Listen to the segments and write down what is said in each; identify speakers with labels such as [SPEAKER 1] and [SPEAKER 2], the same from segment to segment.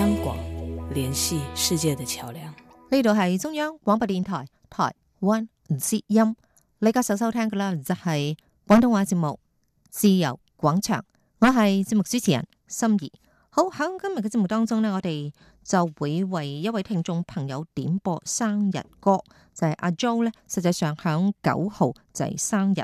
[SPEAKER 1] 香港聯繫世界的橋樑，呢度係中央廣播電台台灣之音，你家首收聽噶啦，就係廣東話節目《自由廣場》，我係節目主持人心儀。好，響今日嘅節目當中呢，我哋就會為一位聽眾朋友點播生日歌，就係、是、阿 Jo 咧，實際上響九號就係、是、生日，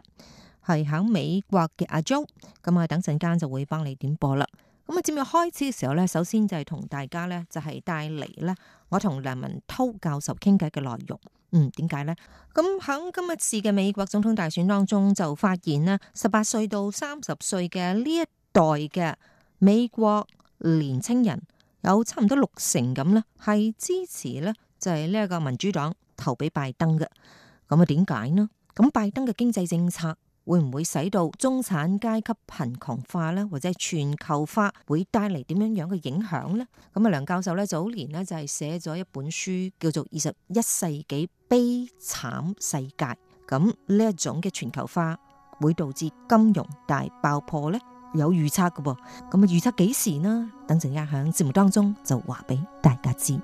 [SPEAKER 1] 係響美國嘅阿 Jo，咁啊，等陣間就會幫你點播啦。咁啊，節目開始嘅時候咧，首先就係同大家咧，就係帶嚟咧，我同梁文韜教授傾偈嘅內容。嗯，點解咧？咁喺今日次嘅美國總統大選當中，就發現咧，十八歲到三十歲嘅呢一代嘅美國年青人，有差唔多六成咁咧，係支持咧，就係呢一個民主黨投俾拜登嘅。咁啊，點解呢？咁拜登嘅經濟政策？會唔會使到中產階級貧窮化呢？或者全球化會帶嚟點樣樣嘅影響呢？咁啊，梁教授咧早年咧就係寫咗一本書叫做《二十一世紀悲慘世界》，咁呢一種嘅全球化會導致金融大爆破呢？有預測嘅噃。咁啊，預測幾時呢？等陣間響節目當中就話俾大家知。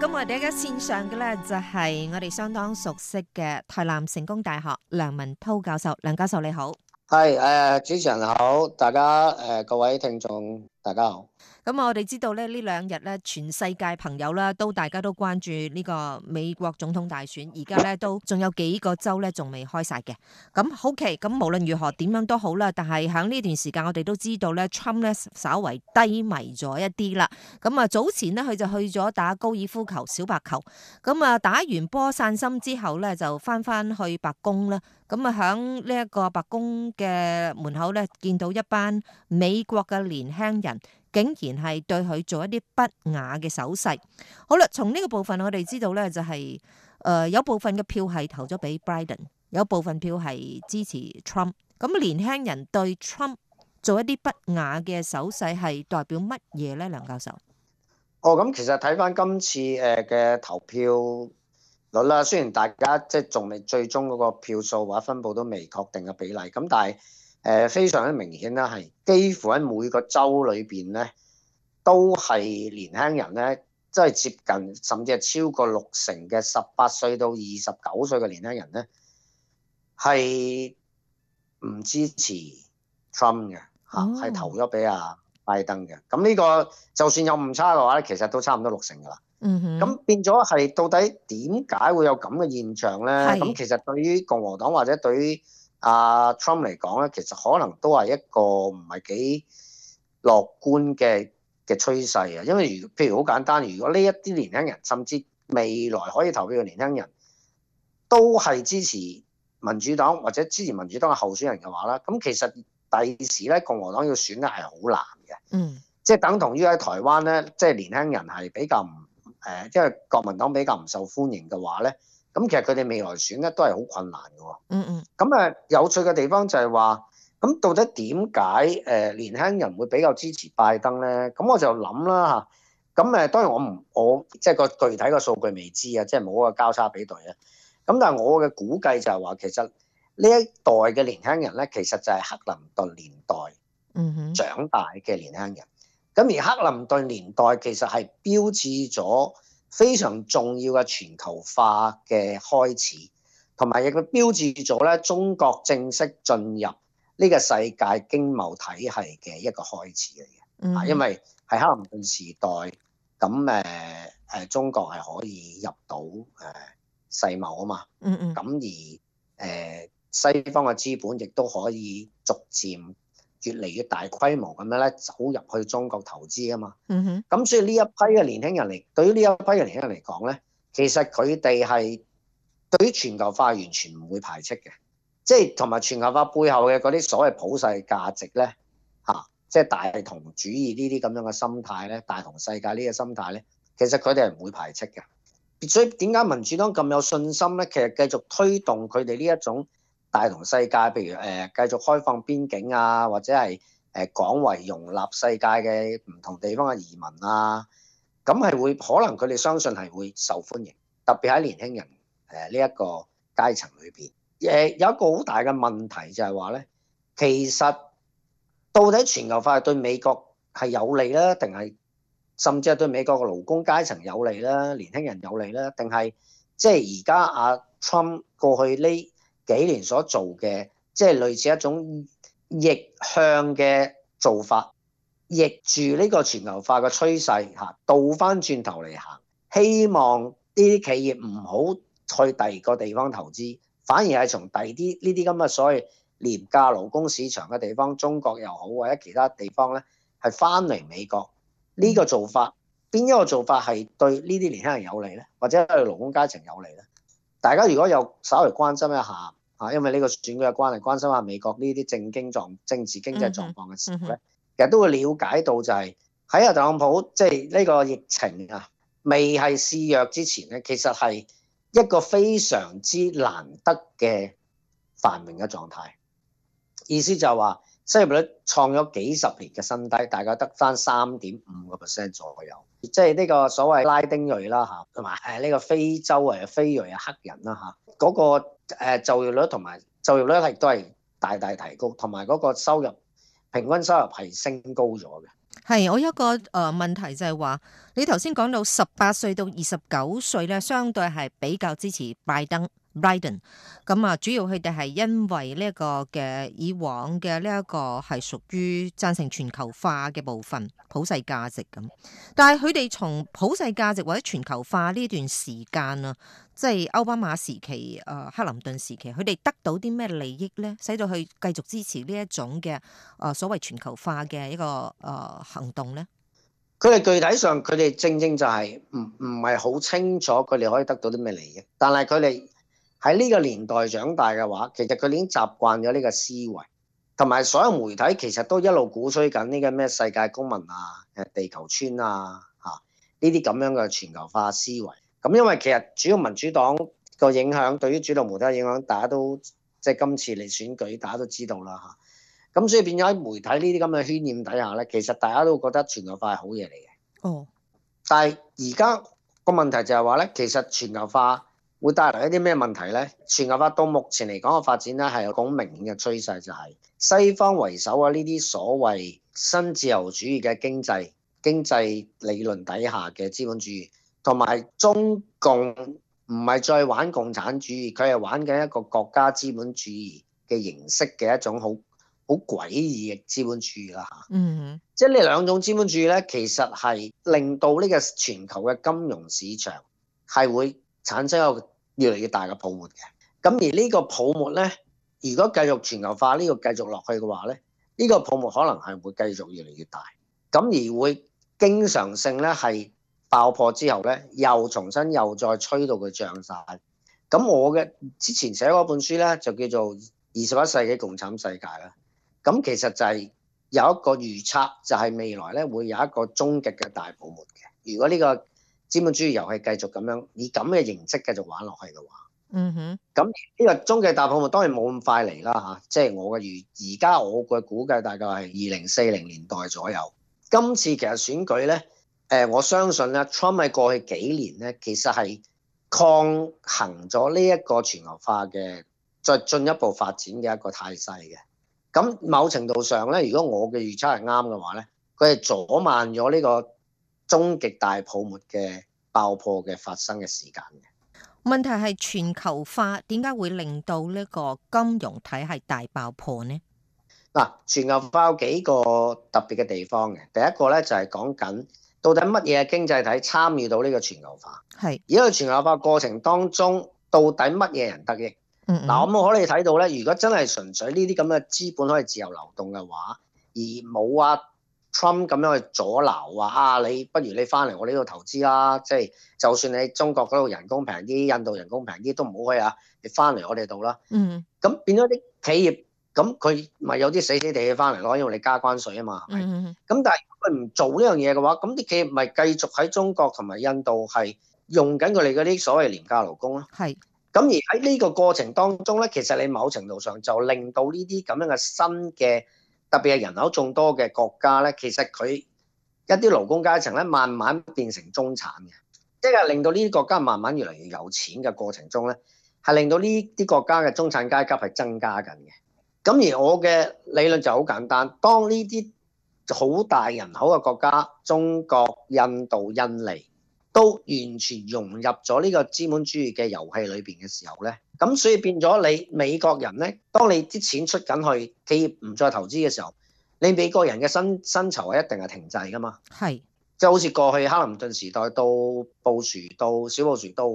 [SPEAKER 1] 咁我哋而家線上嘅，咧就係我哋相當熟悉嘅台南成功大學梁文韜教授。梁教授你好。
[SPEAKER 2] 係，誒，主持人好，大家誒各位聽眾大家好。
[SPEAKER 1] 咁啊，我哋知道咧，這兩天，呢兩日咧，全世界朋友啦，都大家都關注呢個美國總統大選，而家咧都仲有幾個州咧仲未開晒嘅。咁好奇，咁無論如何點樣都好啦。但係喺呢段時間，我哋都知道咧，Trump 咧稍微低迷咗一啲啦。咁啊，早前呢，佢就去咗打高爾夫球，小白球。咁啊，打完波散心之後咧，就翻翻去白宮啦。咁啊，喺呢一個白宮嘅門口咧，見到一班美國嘅年輕人。竟然係對佢做一啲不雅嘅手勢。好啦，從呢個部分我哋知道咧，就係，誒有部分嘅票係投咗俾 Biden，有部分票係支持 Trump。咁年輕人對 Trump 做一啲不雅嘅手勢係代表乜嘢咧？梁教授，
[SPEAKER 2] 哦，咁其實睇翻今次誒嘅投票率啦，雖然大家即係仲未最終嗰個票數或者分布都未確定嘅比例，咁但係，誒、呃、非常之明顯啦，係幾乎喺每個州裏邊咧，都係年輕人咧，即係接近甚至係超過六成嘅十八歲到二十九歲嘅年輕人咧，係唔支持 Trump 嘅嚇，係、oh. 投咗俾阿拜登嘅。咁呢個就算有誤差嘅話咧，其實都差唔多六成噶啦。
[SPEAKER 3] 嗯哼。咁
[SPEAKER 2] 變咗係到底點解會有咁嘅現象咧？咁其實對於共和黨或者對於阿 Trump 嚟講，咧，其實可能都係一個唔係幾樂觀嘅嘅趨勢啊，因為如譬如好簡單，如果呢一啲年輕人，甚至未來可以投票嘅年輕人都係支持民主黨或者支持民主黨嘅候選人嘅話啦，咁其實第時咧共和黨要選嘅係好難嘅，嗯，即係等同於喺台灣咧，即係年輕人係比較唔誒，因為國民黨比較唔受歡迎嘅話咧。咁其實佢哋未來選擇都係好困難嘅
[SPEAKER 3] 喎。嗯嗯。
[SPEAKER 2] 咁誒有趣嘅地方就係話，咁到底點解誒年輕人會比較支持拜登咧？咁我就諗啦嚇。咁誒當然我唔我即係、就是、個具體嘅數據未知啊，即係冇個交叉比對啊。咁但係我嘅估計就係話，其實呢一代嘅年輕人咧，其實就係克林頓年代，嗯
[SPEAKER 3] 哼，
[SPEAKER 2] 長大嘅年輕人。咁而克林頓年代其實係標誌咗。非常重要嘅全球化嘅開始，同埋亦都標誌咗咧中國正式進入呢個世界經貿體系嘅一個開始嚟嘅。嗯，嗯，因為喺克林頓時代，咁誒誒中國係可以入到誒世貿啊嘛。嗯嗯。咁而誒西方嘅資本亦都可以逐漸。越嚟越大規模咁樣咧，走入去中國投資啊嘛。咁所以呢一批嘅年輕人嚟，對於呢一批嘅年輕人嚟講咧，其實佢哋係對於全球化完全唔會排斥嘅，即係同埋全球化背後嘅嗰啲所謂普世價值咧，嚇，即係大同主義呢啲咁樣嘅心態咧，大同世界呢個心態咧，其實佢哋係唔會排斥嘅。所以點解民主黨咁有信心咧？其實繼續推動佢哋呢一種。大同世界，譬如誒、呃、繼續開放邊境啊，或者係誒、呃、廣為容納世界嘅唔同地方嘅移民啊，咁係會可能佢哋相信係會受歡迎，特別喺年輕人誒呢一個階層裏邊。誒、呃、有一個好大嘅問題就係話咧，其實到底全球化對美國係有利啦，定係甚至係對美國嘅勞工階層有利啦、年輕人有利啦，定係即係而家阿 Trump 過去呢幾年所做嘅，即係類似一種逆向嘅做法，逆住呢個全球化嘅趨勢吓，倒翻轉頭嚟行，希望呢啲企業唔好去第二個地方投資，反而係從第二啲呢啲咁嘅所謂廉價勞工市場嘅地方，中國又好或者其他地方呢，係翻嚟美國呢個做法，邊一個做法係對呢啲年輕人有利呢？或者對勞工階層有利呢？大家如果有稍微關心一下。啊，因為呢個選舉嘅關係，關心下美國呢啲政經狀政治經濟狀況嘅時候咧、mm-hmm.，mm-hmm. 其實都會了解到就係喺特朗普即係呢個疫情啊未係肆虐之前咧，其實係一個非常之難得嘅繁榮嘅狀態，意思就係話。失業率創咗幾十年嘅新低，大家得翻三點五個 percent 左右。即係呢個所謂拉丁裔啦嚇，同埋誒呢個非洲誒非裔啊黑人啦嚇，嗰個誒就業率同埋就業率係都係大大提高，同埋嗰個收入平均收入係升高咗嘅。
[SPEAKER 1] 係，我有一個誒問題就係話，你頭先講到十八歲到二十九歲咧，相對係比較支持拜登。拜登咁啊，主要佢哋係因為呢一個嘅，以往嘅呢一個係屬於贊成全球化嘅部分普世價值咁，但係佢哋從普世價值或者全球化呢段時間啊，即係奧巴馬時期，誒克林頓時期，佢哋得到啲咩利益咧？使到佢繼續支持呢一種嘅誒所謂全球化嘅一個誒行動咧？
[SPEAKER 2] 佢哋具體上，佢哋正正就係唔唔係好清楚，佢哋可以得到啲咩利益，但係佢哋。喺呢個年代長大嘅話，其實佢已經習慣咗呢個思維，同埋所有媒體其實都一路鼓吹緊呢個咩世界公民啊、誒地球村啊嚇，呢啲咁樣嘅全球化思維。咁因為其實主要民主黨個影響對於主流媒體嘅影響，大家都即係今次嚟選舉，大家都知道啦嚇。咁所以變咗喺媒體呢啲咁嘅渲染底下呢，其實大家都覺得全球化係好嘢嚟嘅。哦，但係而家個問題就係話呢，其實全球化，會帶來一啲咩問題呢？全球化到目前嚟講嘅發展咧，係有個明顯嘅趨勢，就係西方為首啊，呢啲所謂新自由主義嘅經濟經濟理論底下嘅資本主義，同埋中共唔係再玩共產主義，佢係玩緊一個國家資本主義嘅形式嘅一種好好詭異嘅資本主義啦嚇。
[SPEAKER 3] Mm-hmm.
[SPEAKER 2] 即係呢兩種資本主義呢，其實係令到呢個全球嘅金融市場係會，產生一個越嚟越大嘅泡沫嘅，咁而呢個泡沫呢，如果繼續全球化呢個繼續落去嘅話咧，呢、這個泡沫可能係會繼續越嚟越大，咁而會經常性呢，係爆破之後呢，又重新又再吹到佢漲晒。咁我嘅之前寫嗰本書呢，就叫做《二十一世紀共慘世界》啦。咁其實就係有一個預測，就係、是、未來呢會有一個終極嘅大泡沫嘅。如果呢、這個資本主義遊戲繼續咁樣以咁嘅形式繼續玩落去嘅話，
[SPEAKER 3] 嗯
[SPEAKER 2] 哼，咁呢個終極大泡沫當然冇咁快嚟啦嚇，即、啊、係、就是、我嘅預而家我嘅估計大概係二零四零年代左右。今次其實選舉咧，誒、呃、我相信咧，Trump 喺過去幾年咧，其實係抗衡咗呢一個全球化嘅再進一步發展嘅一個態勢嘅。咁某程度上咧，如果我嘅預測係啱嘅話咧，佢係阻慢咗呢、這個。終極大泡沫嘅爆破嘅發生嘅時間嘅
[SPEAKER 1] 問題。係全球化點解會令到呢個金融體系大爆破呢？
[SPEAKER 2] 嗱，全球化有幾個特別嘅地方嘅，第一個咧就係講緊到底乜嘢經濟體參與到呢個全球化？係而家個全球化的過程當中，到底乜嘢人得益？嗱，咁我可以睇到咧，如果真係純粹呢啲咁嘅資本可以自由流動嘅話，而冇啊。Trump 咁樣去阻撓話啊，你不如你翻嚟我呢度投資啦，即係就算你中國嗰度人工平啲，印度人工平啲都唔好去啊，你翻嚟我哋度啦。嗯，咁變咗啲企業，咁佢咪有啲死死地地翻嚟咯，因為你加關稅啊嘛。嗯嗯
[SPEAKER 3] 嗯。咁、mm-hmm.
[SPEAKER 2] 但係如果佢唔做呢樣嘢嘅話，咁啲企業咪繼續喺中國同埋印度係用緊佢哋嗰啲所謂廉價勞工咯。係。咁而喺呢個過程當中咧，其實你某程度上就令到呢啲咁樣嘅新嘅。特別係人口眾多嘅國家咧，其實佢一啲勞工階層咧，慢慢變成中產嘅，即係令到呢啲國家慢慢越嚟越有錢嘅過程中咧，係令到呢啲國家嘅中產階級係增加緊嘅。咁而我嘅理論就好簡單，當呢啲好大人口嘅國家，中國、印度、印尼，都完全融入咗呢個資本主義嘅遊戲裏邊嘅時候咧，咁所以變咗你美國人咧，當你啲錢出緊去，企業唔再投資嘅時候，你美國人嘅薪薪酬係一定係停滯噶嘛。係，即係好似過去克林頓時代到布殊到小布殊到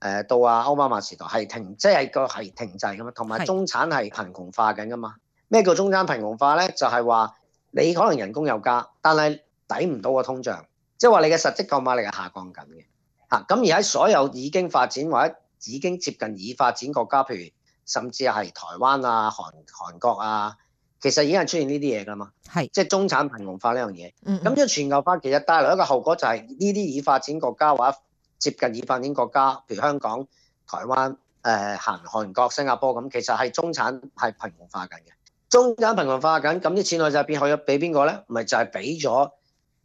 [SPEAKER 2] 誒到阿歐巴馬時代係停，即係個係停滯噶嘛。同埋中產係貧窮化緊噶嘛。咩叫中產貧窮化咧？就係話你可能人工有加，但係抵唔到個通脹。即係話你嘅實質購買力係下降緊嘅，嚇咁而喺所有已經發展或者已經接近已發展國家，譬如甚至係台灣啊、韓韓國啊，其實已經係出現呢啲嘢噶嘛，係即係中產貧窮化呢樣嘢。嗯，咁即係全球化其實帶來一個後果就係呢啲已發展國家或者接近已發展國家，譬如香港、台灣、誒、呃、韓韓國、新加坡咁，其實係中產係貧窮化緊嘅，中產貧窮化緊，咁啲錢去就變去咗俾邊個咧？唔係就係俾咗。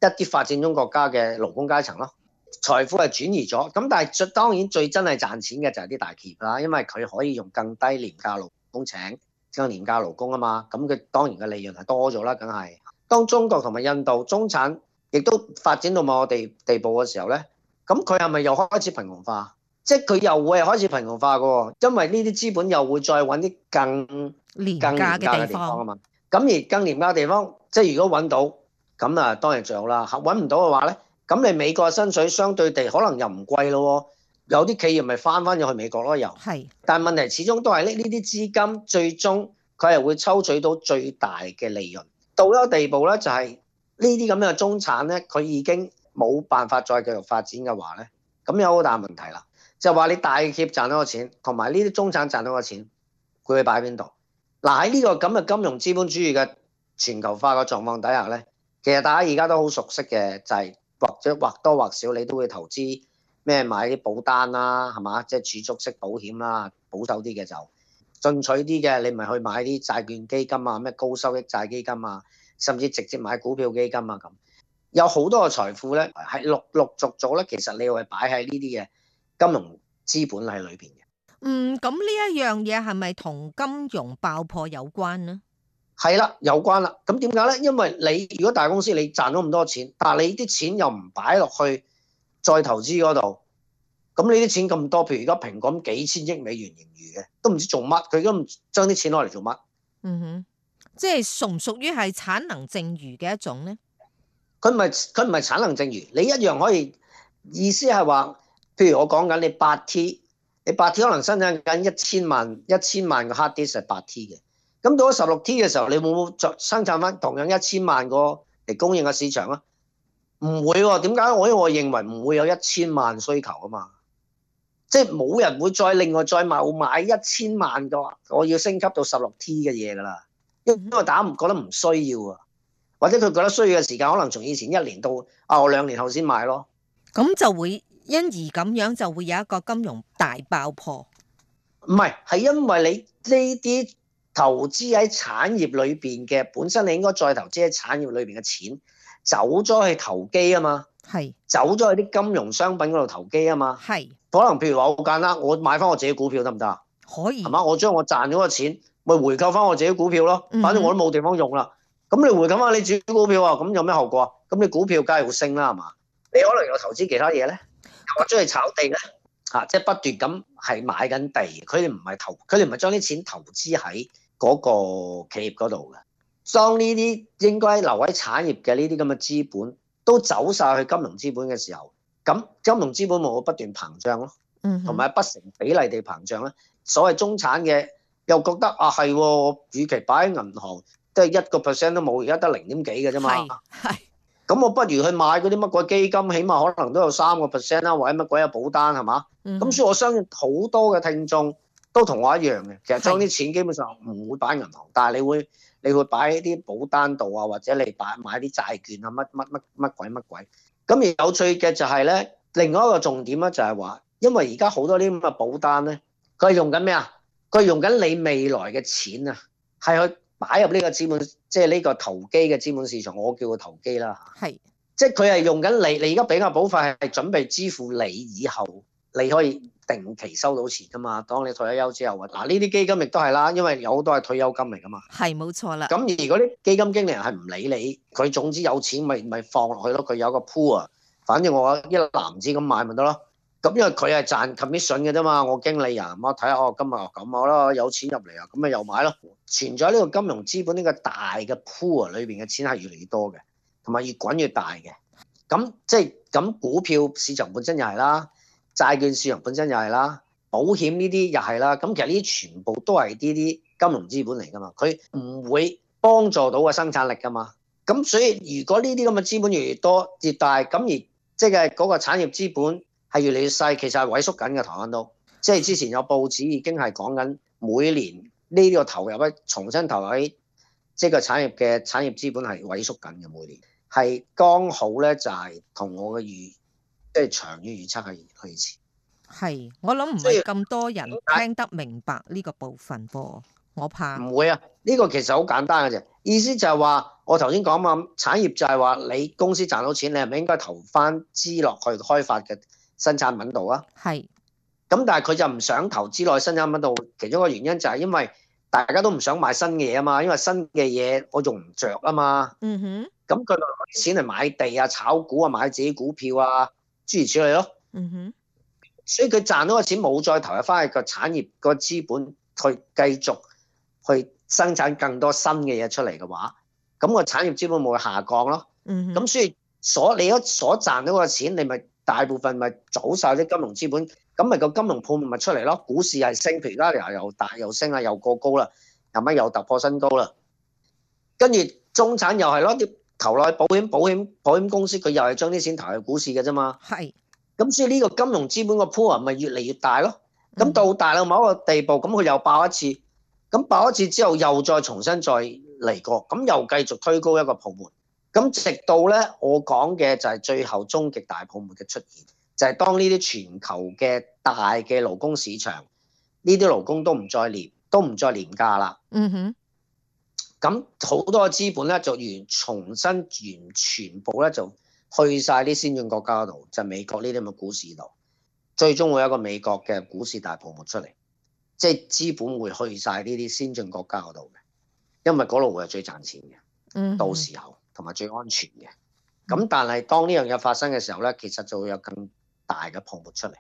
[SPEAKER 2] 一啲發展中國家嘅勞工階層咯，財富係轉移咗。咁但係當然最真係賺錢嘅就係啲大企業啦，因為佢可以用更低廉價勞工請更廉價勞工啊嘛。咁佢當然嘅利潤係多咗啦，梗係。當中國同埋印度中產亦都發展到某個地步嘅時候咧，咁佢係咪又開始貧窮化？即係佢又會係開始貧窮化嘅喎，因為呢啲資本又會再揾啲更廉價嘅地方啊嘛。咁而更廉價嘅地方，即係如果揾到。咁啊，當然最好啦。揾唔到嘅話呢，咁你美國嘅薪水相對地可能又唔貴咯。有啲企業咪返返咗去美國咯又。係。但問題始終都係呢呢啲資金，最終佢係會抽取到最大嘅利潤。到一個地步呢，就係呢啲咁樣嘅中產呢，佢已經冇辦法再繼續發展嘅話呢。咁有好大問題啦。就話你大企業賺到嘅錢，同埋呢啲中產賺到嘅錢，佢會擺喺邊度？嗱，喺呢個咁嘅金融資本主義嘅全球化嘅狀況底下呢。其實大家而家都好熟悉嘅，就係或者或多或少你都會投資咩買啲保單啦，係嘛，即係儲蓄式保險啦，保守啲嘅就進取啲嘅，你咪去買啲債券基金啊，咩高收益債基金啊，甚至直接買股票基金啊咁。有好多嘅財富咧，係陸陸續續咧，其實你會擺喺呢啲嘅金融資本喺裏邊嘅。
[SPEAKER 1] 嗯，咁呢一樣嘢係咪同金融爆破有關呢？
[SPEAKER 2] 係啦，有關啦。咁點解咧？因為你如果大公司你賺咗咁多錢，但係你啲錢又唔擺落去再投資嗰度，咁你啲錢咁多，譬如而家蘋果咁幾千億美元盈餘嘅，都唔知做乜，佢都唔將啲錢攞嚟做乜。嗯
[SPEAKER 1] 哼，即係屬唔屬於係產能剩餘嘅一種咧？
[SPEAKER 2] 佢唔係佢唔係產能剩餘，你一樣可以。意思係話，譬如我講緊你八 T，你八 T 可能生產緊一千萬一千萬個 hard disk 係八 T 嘅。咁到咗十六 T 嘅時候，你會唔會再生產翻同樣一千萬個嚟供應個市場啊？唔會喎，點解？我我認為唔會有一千萬需求啊嘛，即係冇人會再另外再買一千萬個，我要升級到十六 T 嘅嘢噶啦，因因為打唔覺得唔需要啊，或者佢覺得需要嘅時間可能從以前一年到啊，我兩年後先買咯。
[SPEAKER 1] 咁就會因而咁樣就會有一個
[SPEAKER 2] 金融大爆破，唔係，係因為你呢啲。投資喺產業裏邊嘅本身，你應該再投資喺產業裏邊嘅錢走咗去投機啊嘛，係走咗去啲金融商品嗰度投機啊嘛，係可能譬如話好簡單，我買翻我自己的股票得唔得啊？可以係嘛？我將我賺咗嘅錢咪回購翻我自己的股票咯。反正我都冇地方用啦。咁、嗯、你回咁啊？你自己股票啊？咁有咩後果啊？咁你股票梗係會升啦，係嘛？你可能有投資其他嘢咧，我冇出去炒地咧？嚇、啊，即、就、係、是、不斷咁係買緊地，佢哋唔係投，佢哋唔係將啲錢投資喺。嗰個企業嗰度嘅，當呢啲應該留喺產業嘅呢啲咁嘅資本都走晒去金融資本嘅時候，咁金融資本咪會不斷膨脹咯，
[SPEAKER 3] 嗯，同埋
[SPEAKER 2] 不成比例地膨脹啦。所謂中產嘅又覺得啊係，我與其擺喺銀行都係一個 percent 都冇，而家得零點幾嘅啫嘛，係，咁我不如去買嗰啲乜鬼基金，起碼可能都有三個 percent 啦，或者乜鬼有保單係嘛，咁所以我相信好多嘅聽眾，都同我一樣嘅，其實將啲錢基本上唔會擺銀行，但係你會你會擺喺啲保單度啊，或者你擺買啲債券啊，乜乜乜乜鬼乜鬼。咁而有趣嘅就係、是、咧，另外一個重點咧就係話，因為而家好多啲咁嘅保單咧，佢係用緊咩啊？佢係用緊你未來嘅錢啊，係去擺入呢個資本，即係呢個投機嘅資本市場，我叫佢投機啦嚇。係，即係佢係用緊你，你而家俾我保費係準備支付你以後你可以。定期收到錢噶嘛？當你退咗休之後，嗱呢啲基金亦都係啦，因為有好多係退休金嚟噶嘛。
[SPEAKER 1] 係冇錯啦。咁而嗰
[SPEAKER 2] 啲基金經理人係唔理你，佢總之有錢咪咪放落去咯。佢有一個 pool 啊，反正我一籃子咁買咪得咯。咁因為佢係賺 commission 嘅啫嘛。我經理人啊，睇下我看看今日咁好啦，有錢入嚟啊，咁咪又買咯。存在呢個金融資本呢個大嘅 pool 啊，裏邊嘅錢係越嚟越多嘅，同埋越滾越大嘅。咁即係咁股票市場本身又係啦。債券市場本身又係啦，保險呢啲又係啦，咁其實呢啲全部都係呢啲金融資本嚟噶嘛，佢唔會幫助到個生產力噶嘛，咁所以如果呢啲咁嘅資本越嚟越多越大，咁而即係嗰個產業資本係越嚟越細，其實係萎縮緊嘅，台灣都，即係之前有報紙已經係講緊每年呢個投入咧，重新投入喺即係個產業嘅產業資本係萎縮緊嘅，每年，係剛好咧就係同我嘅預。即、就、係、是、長遠預測係係似，係
[SPEAKER 1] 我諗唔需要咁多人聽得明白呢個部分噃，我怕
[SPEAKER 2] 唔會啊！呢、這個其實好簡單嘅啫，意思就係話我頭先講咁，產業就係話你公司賺到錢，你係咪應該投翻資落去開發嘅新產品度啊？係。咁但係佢就唔想投資落去新產品度，其中一個原因就係因為大家都唔想買新嘅嘢啊嘛，因為新嘅嘢我用唔着啊嘛。嗯哼。咁佢攞啲錢嚟買地啊、炒股啊、買自己股票啊。諸如此類咯，嗯哼，所以佢賺到個錢冇再投入翻去個產業個資本去繼續去生產更多新嘅嘢出嚟嘅話，咁個產業資本冇下降咯，嗯，咁所以所你所賺到個錢，你咪大部分咪儲晒啲金融資本，咁咪個金融泡沫咪出嚟咯，股市係升，而家又又大又升啊，又過高啦，又乜又突破新高啦，跟住中產又係咯啲，投落去保險保險保險公司，佢又係將啲錢投去股市嘅啫嘛。係。咁所以呢個金融資本個 pool 咪越嚟越大咯。咁到大到某一個地步，咁佢又爆一次。咁爆一次之後，又再重新再嚟過，咁又繼續推高一個泡沫。咁直到咧，我講嘅就係最後終極大泡沫嘅出現，就係當呢啲全球嘅大嘅勞工市場，呢啲勞工都唔再廉都唔再廉價啦。嗯哼。咁好多資本咧就完重新完全部咧就去晒啲先進國家度，就是、美國呢啲咁嘅股市度，最終會有一個美國嘅股市大泡沫出嚟，即、就、係、是、資本會去晒呢啲先進國家嗰度嘅，因為嗰度會係最賺錢嘅、嗯，到時候同埋最安全嘅。咁但係當呢樣嘢發生嘅時候咧，其實就會有更大嘅泡沫出嚟，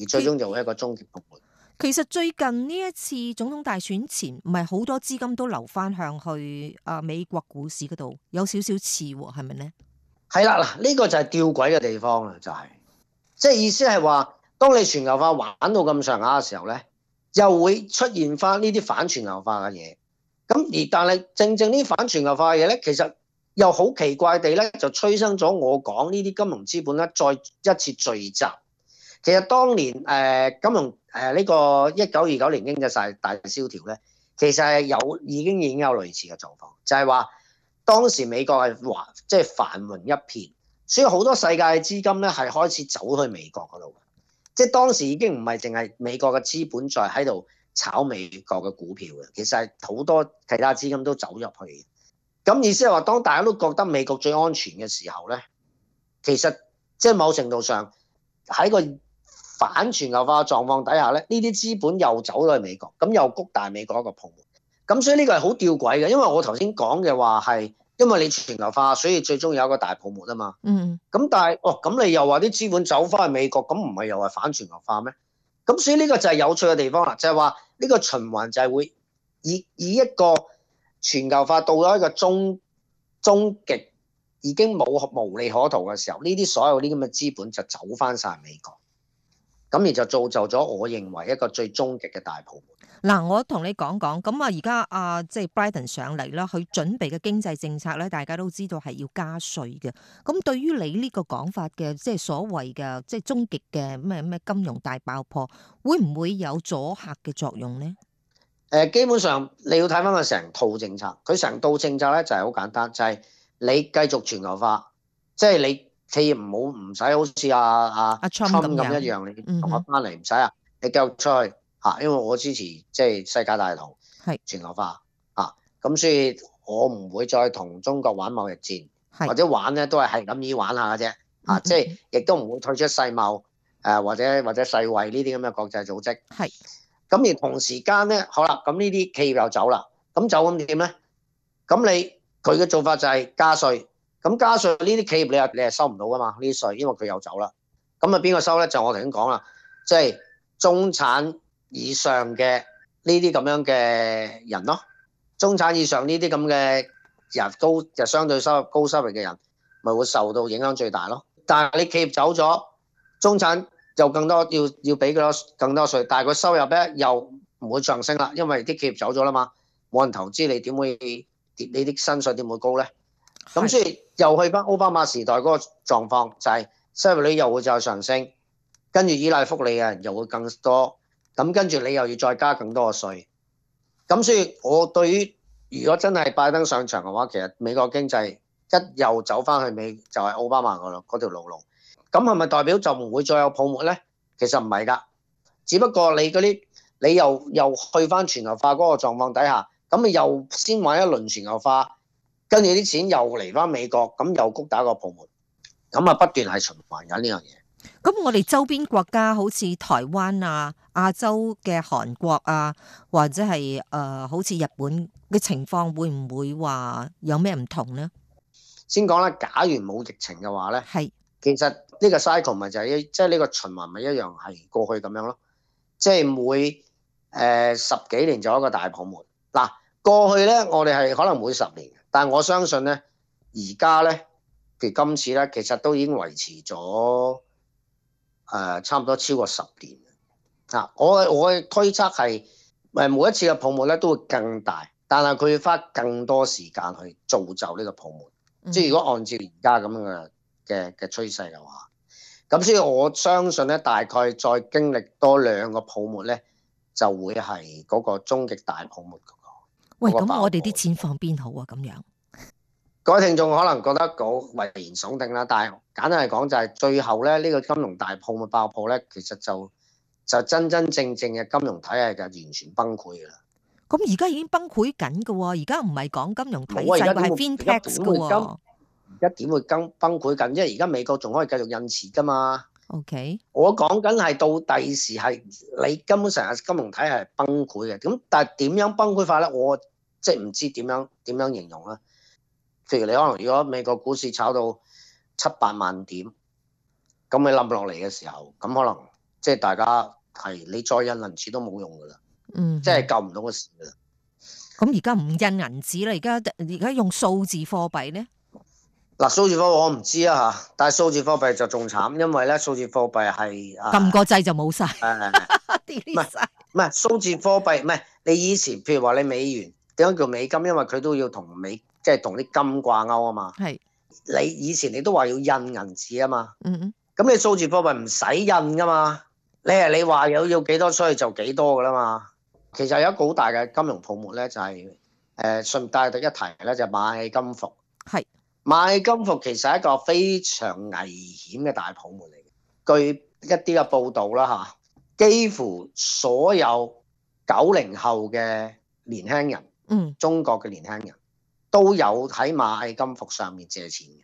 [SPEAKER 2] 而最終就會有一個終結泡沫。嗯。
[SPEAKER 1] 其實最近呢一次總統大選前，唔係好多資金都流翻向去啊美國股市嗰度，有少少似，係咪呢？
[SPEAKER 2] 係啦，嗱，呢個就係吊詭嘅地方啦，就係即係意思係話，當你全球化玩到咁上下嘅時候咧，又會出現翻呢啲反全球化嘅嘢。咁而但係正正呢啲反全球化嘅嘢咧，其實又好奇怪地咧，就催生咗我講呢啲金融資本咧再一次聚集。其實當年誒、呃、金融。誒、這、呢個一九二九年經濟嘅大蕭條咧，其實係有已經已經有類似嘅狀況，就係話當時美國係即係繁榮一片，所以好多世界嘅資金咧係開始走去美國嗰度。即係當時已經唔係淨係美國嘅資本在喺度炒美國嘅股票嘅，其實係好多其他資金都走入去。咁意思係話，當大家都覺得美國最安全嘅時候咧，其實即係某程度上喺個。反全球化嘅狀況底下咧，呢啲資本又走咗去美國，咁又谷大美國一個泡沫，咁所以呢個係好吊詭嘅。因為我頭先講嘅話係，因為你全球化，所以最終有一個大泡沫啊嘛。嗯。咁但係，哦，咁你又話啲資本走翻去美國，咁唔係又係反全球化咩？咁所以呢個就係有趣嘅地方啦，就係話呢個循環就係會以以一個全球化到咗一個終終極已經冇無利可圖嘅時候，呢啲所有啲咁嘅資本就走翻晒美國。咁而就造就咗，我認為一個最終極嘅大泡沫。
[SPEAKER 1] 嗱，我同你講講，咁啊，而家啊，即係 Biden 上嚟啦，佢準備嘅經濟政策咧，大家都知道係要加稅嘅。咁對於你呢個講法嘅，即係所謂嘅，即係終極嘅咩咩金融大爆破，會唔會有阻嚇嘅作用咧？
[SPEAKER 2] 誒，基本上你要睇翻佢成套政策，佢成套政策咧就係好簡單，就係你繼續全球化，即係你。企業唔好唔使好似阿阿阿昌咁一樣，你同我翻嚟唔使啊，你繼續出去嚇，因為我支持即係世界大同，係全球化嚇，咁所以我唔會再同中國玩貿易戰，或者玩咧都係係咁易玩下啫，啊即係亦都唔會退出世貿誒或者或者世衞呢啲咁嘅國際組織，係咁而同時間咧，好啦，咁呢啲企業又走啦，咁走咁點咧？咁你佢嘅做法就係加稅。咁加上呢啲企業，你又你係收唔到噶嘛？呢啲稅，因為佢又走啦。咁啊，邊個收咧？就我頭先講啦，即係中產以上嘅呢啲咁樣嘅人咯。中產以上呢啲咁嘅人，高就相對收入高收入嘅人，咪會受到影響最大咯。但係你企業走咗，中產就更多要要俾佢多更多稅，但係佢收入咧又唔會上升啦，因為啲企業走咗啦嘛，冇人投資你，你點會跌？你啲薪水點會高咧？咁所以又去翻奧巴馬時代嗰個狀況，就係收入率又會再上升，跟住依賴福利嘅人又會更多，咁跟住你又要再加更多嘅稅，咁所以我對於如果真係拜登上場嘅話，其實美國經濟一又走翻去美，就係奧巴馬嗰嗰條路路，咁係咪代表就唔會再有泡沫呢？其實唔係㗎，只不過你嗰啲你又又去翻全球化嗰個狀況底下，咁你又先玩一輪全球化。跟住啲錢又嚟翻美國，咁又谷打個泡沫，咁啊不斷係循環緊呢樣嘢。
[SPEAKER 1] 咁我哋周邊國家好似台灣啊、亞洲嘅韓國啊，或者係、呃、好似日本嘅情況，會唔會話有咩唔同咧？
[SPEAKER 2] 先講啦，假如冇疫情嘅話咧，係其實呢個 cycle 咪就係一即係呢個循環咪一樣係過去咁樣咯，即係每、呃、十幾年就一個大泡沫。嗱，過去咧我哋係可能每十年。但係我相信咧，而家咧嘅今次咧，其實都已經維持咗誒差唔多超過十年。啊，我我嘅推測係誒每一次嘅泡沫咧都會更大，但係佢要花更多時間去造就呢個泡沫、嗯。即係如果按照而家咁樣嘅嘅嘅趨勢嘅話，咁所以我相信咧，大概再經歷多兩個泡沫咧，就會係嗰個終極大泡沫。
[SPEAKER 1] 那個、喂，咁我哋啲錢放邊好啊？咁樣，
[SPEAKER 2] 各位聽眾可能覺得講危言聳聽啦，但係簡單嚟講就係最後咧，呢、這個金融大鋪咪爆破咧，其實就就真真正正嘅金融體系就完全崩潰噶啦。
[SPEAKER 1] 咁而家已經崩潰緊噶，而家唔係講金融體系係偏僻噶。而家
[SPEAKER 2] 點會崩崩潰緊？因為而家美國仲可以繼續印錢噶嘛。OK，我講緊係到第時係你根本成日金融體系崩潰嘅，咁但係點樣崩潰法咧？我即係唔知點樣點樣形容啦。譬如你可能如果美國股市炒到七八萬點，咁你冧落嚟嘅時候，咁可能即係大家係你再印銀紙都冇用噶啦，嗯，即係救唔到個市噶啦。
[SPEAKER 1] 咁而家唔印銀紙啦，而家而家用數字貨幣咧？
[SPEAKER 2] 嗱，數字貨幣我唔知啊，吓，但係數字貨幣就仲慘，因為咧數字貨幣係撳個掣就冇晒。哎，唔係數字貨幣，唔係你以前譬如話你美元點樣叫美金，因為佢都要同美即係同啲金掛鈎啊嘛。
[SPEAKER 1] 係
[SPEAKER 2] 你以前你都話要印銀紙啊嘛。咁，嗯嗯、你數字貨幣唔使印噶嘛？你係你話有要幾多所以就幾多噶啦嘛。其實有一個好大嘅金融泡沫咧，就係誒順帶一提咧就是、螞蟻金服。螞蟻金服其實係一個非常危險嘅大泡沫嚟嘅。據一啲嘅報道啦，嚇，幾乎所有九零後嘅年輕人，嗯，中國嘅年輕人都有喺螞蟻金服上面借錢嘅。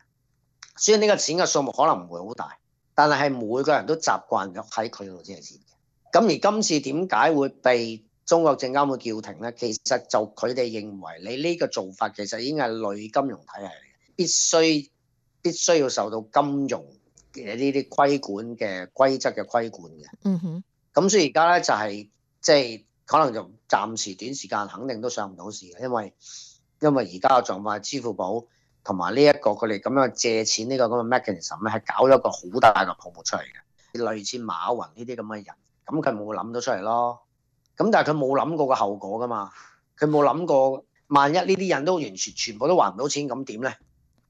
[SPEAKER 2] 雖然呢個錢嘅數目可能唔會好大，但係係每個人都習慣咗喺佢度借錢嘅。咁而今次點解會被中國證監會叫停呢？其實就佢哋認為你呢個做法其實已經係類金融體系。必須必須要受到金融嘅呢啲規管嘅規則嘅規管嘅。
[SPEAKER 3] 嗯哼。
[SPEAKER 2] 咁所以而家咧就係即係可能就暫時短時間肯定都上唔到市嘅，因為因為而家嘅狀況係支付寶同埋呢一個佢哋咁樣借錢呢個咁嘅 mechanism 咧，係搞咗一個好大嘅泡沫出嚟嘅。類似馬雲呢啲咁嘅人，咁佢冇諗到出嚟咯。咁但係佢冇諗過個後果㗎嘛？佢冇諗過萬一呢啲人都完全全部都還唔到錢，咁點咧？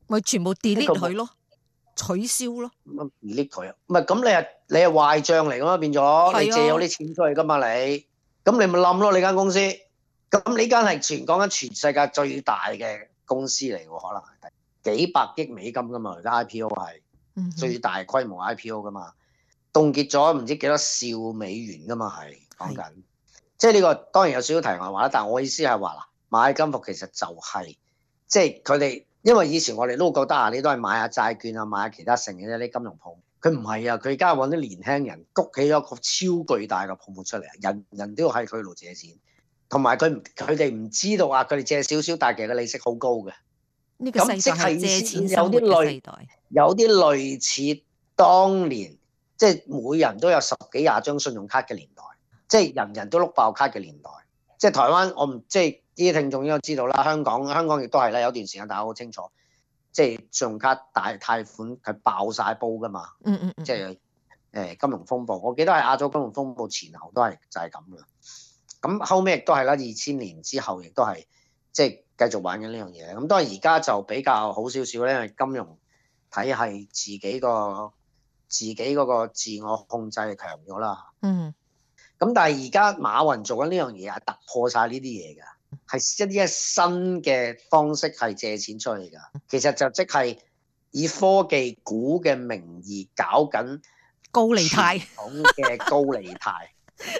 [SPEAKER 1] 咪全部 delete 佢咯、那個，
[SPEAKER 2] 取消咯，唔 delete 佢啊？唔係咁，你係你係壞賬嚟噶嘛？變咗，你借咗啲錢出去噶嘛？你咁你咪冧咯？你間、啊、公司咁呢間係全講緊全世界最大嘅公司嚟嘅，可能係幾百億美金噶嘛？而家 IPO 係、嗯、最大規模 IPO 噶嘛？凍結咗唔知幾多兆美元噶嘛？係講緊，即係、這、呢個當然有少少題外話啦。但係我意思係話啦，螞蟻金服其實就係、是、即係佢哋。因為以前我哋都覺得啊，你都係買下債券啊，買下其他剩嘅啫，啲金融鋪。佢唔係啊，佢而家揾啲年輕人，谷起咗個超巨大嘅泡沫出嚟啊！人人都喺佢度借錢，同埋佢佢哋唔知道啊，佢哋借少少，但係其實利息好高嘅。呢、
[SPEAKER 1] 這個係借錢嘅世代，
[SPEAKER 2] 有啲類，類似當年即係、就是、每人都有十幾廿張信用卡嘅年代，即、就、係、是、人人都碌爆卡嘅年代。即、就、係、是、台灣，我唔即係。就是啲聽眾應該知道啦，香港香港亦都係啦。有段時間大家好清楚，即係信用卡大貸款係爆晒煲噶嘛，嗯嗯，嗯，即係誒金融風暴，我記得係亞洲金融風暴前後都係就係咁噶啦。咁後尾亦都係啦，二千年之後亦都係即係繼續玩緊呢樣嘢。咁當然而家就比較好少少咧，因為金融體系自己個自己嗰個自我控制強咗啦。嗯，嗯，咁但係而家馬雲做緊呢樣嘢啊，係突破晒呢啲嘢㗎。係一啲一新嘅方式，係借錢出嚟噶。其實就即係以科技股嘅名義搞緊高利貸，好嘅高利貸。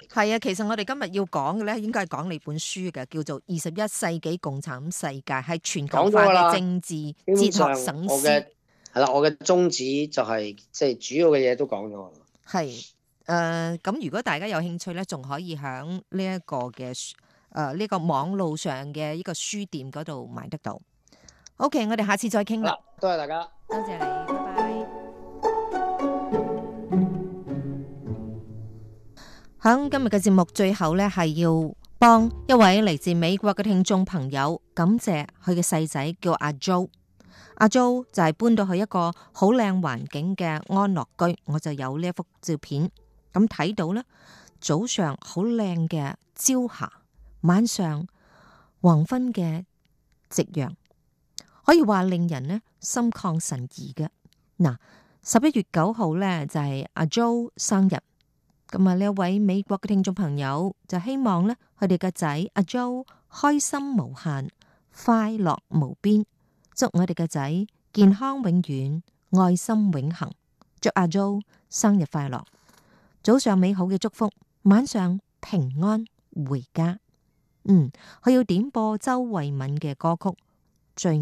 [SPEAKER 1] 係啊，其實我哋今日要講嘅咧，應該係講你本書嘅，叫做《二十一世紀共慘世界》，係全球化嘅政治哲學省思。係
[SPEAKER 2] 啦，我嘅宗旨就係即係主要嘅嘢都講咗。
[SPEAKER 1] 係誒，咁、呃、如果大家有興趣咧，仲可以喺呢一個嘅。誒，呢個網路上嘅呢個書店嗰度買得到。OK，我哋下次再傾啦。
[SPEAKER 2] 多謝大家，多謝你，拜拜。
[SPEAKER 1] 響今日嘅節目最後呢，係要幫一位嚟自美國嘅聽眾朋友，感謝佢嘅細仔叫阿 Joe。阿 Joe 就係搬到去一個好靚環境嘅安樂居，我就有呢一幅照片咁睇到呢，早上好靚嘅朝霞。晚上黃昏嘅夕陽可以話令人咧心曠神怡嘅嗱。十一月九號咧就係阿 Jo 生日，咁啊呢一位美國嘅聽眾朋友就希望咧佢哋嘅仔阿 Jo 開心無限，快樂無邊，祝我哋嘅仔健康永遠，愛心永恒。祝阿 Jo 生日快樂。早上美好嘅祝福，晚上平安回家。嗯，我要點播周慧敏嘅歌曲《最愛》。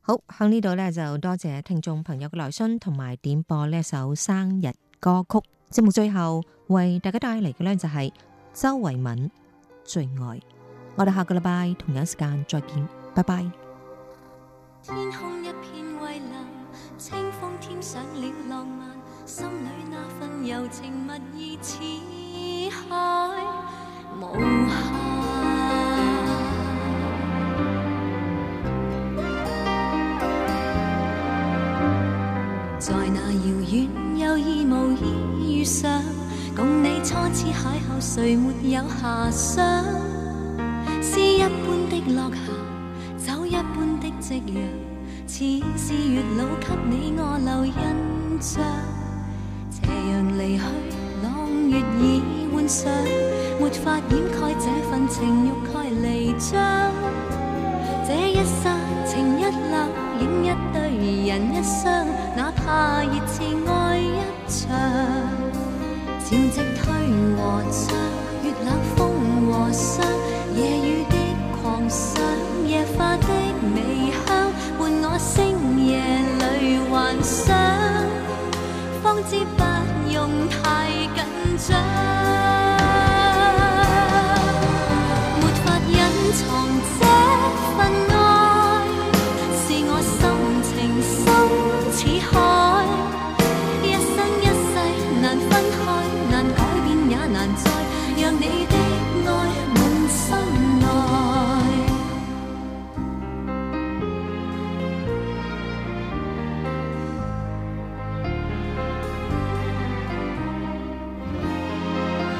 [SPEAKER 1] 好，喺呢度呢就多謝聽眾朋友嘅來信同埋點播呢一首生日歌曲。節目最後為大家帶嚟嘅呢就係周慧敏《最愛》。我哋下個禮拜同樣時間再見，拜拜。
[SPEAKER 3] 在那遙遠，有意無意遇上，共你初次邂逅，誰沒有遐想？詩一般的落霞，酒一般的夕陽，似是月老給你我留印象。斜陽離去，朗月已換上，沒法掩蓋這份情欲蓋彌彰。這一剎，情一縷，影一對。人一生，哪怕熱熾愛一場。潮汐退和漲，月冷風和霜。夜雨的狂想，野花的微香，伴我星夜裏幻想，方知不用太緊張。